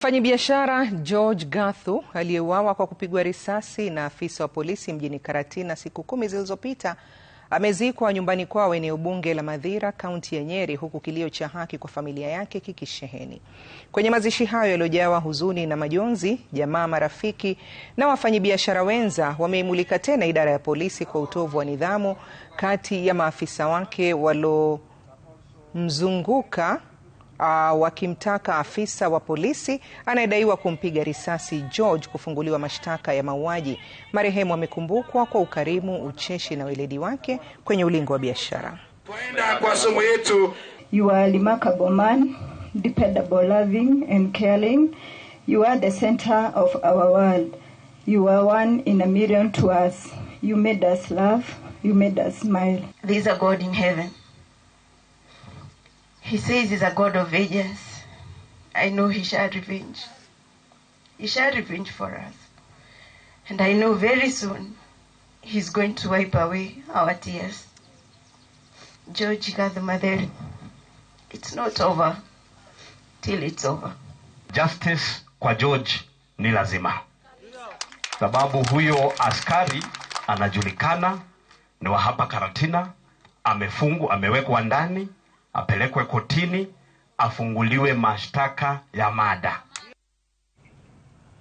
Mfanyabiashara George Gathu aliyeuawa kwa kupigwa risasi na afisa wa polisi mjini Karatina siku kumi zilizopita amezikwa nyumbani kwao eneo bunge la Mathira, kaunti ya Nyeri, huku kilio cha haki kwa familia yake kikisheheni. Kwenye mazishi hayo yaliyojawa huzuni na majonzi, jamaa, marafiki na wafanyabiashara wenza wameimulika tena idara ya polisi kwa utovu wa nidhamu kati ya maafisa wake waliomzunguka uh, wakimtaka afisa wa polisi anayedaiwa kumpiga risasi George kufunguliwa mashtaka ya mauaji. Marehemu amekumbukwa kwa ukarimu, ucheshi na weledi wake kwenye ulingo wa biashara. kwa somo yetu. You are remarkable man, dependable, loving and caring. You are the center of our world. You are one in a million to us. You made us laugh. You made us smile. God in heaven. He says he's a God of ages. I know he shall revenge. He shall revenge for us. And I know very soon he's going to wipe away our tears. George Kathumadheri, it's not over till it's over. Justice kwa George ni lazima, sababu huyo askari anajulikana, ni wa hapa Karatina, amefungwa, amewekwa ndani apelekwe kotini, afunguliwe mashtaka ya mada.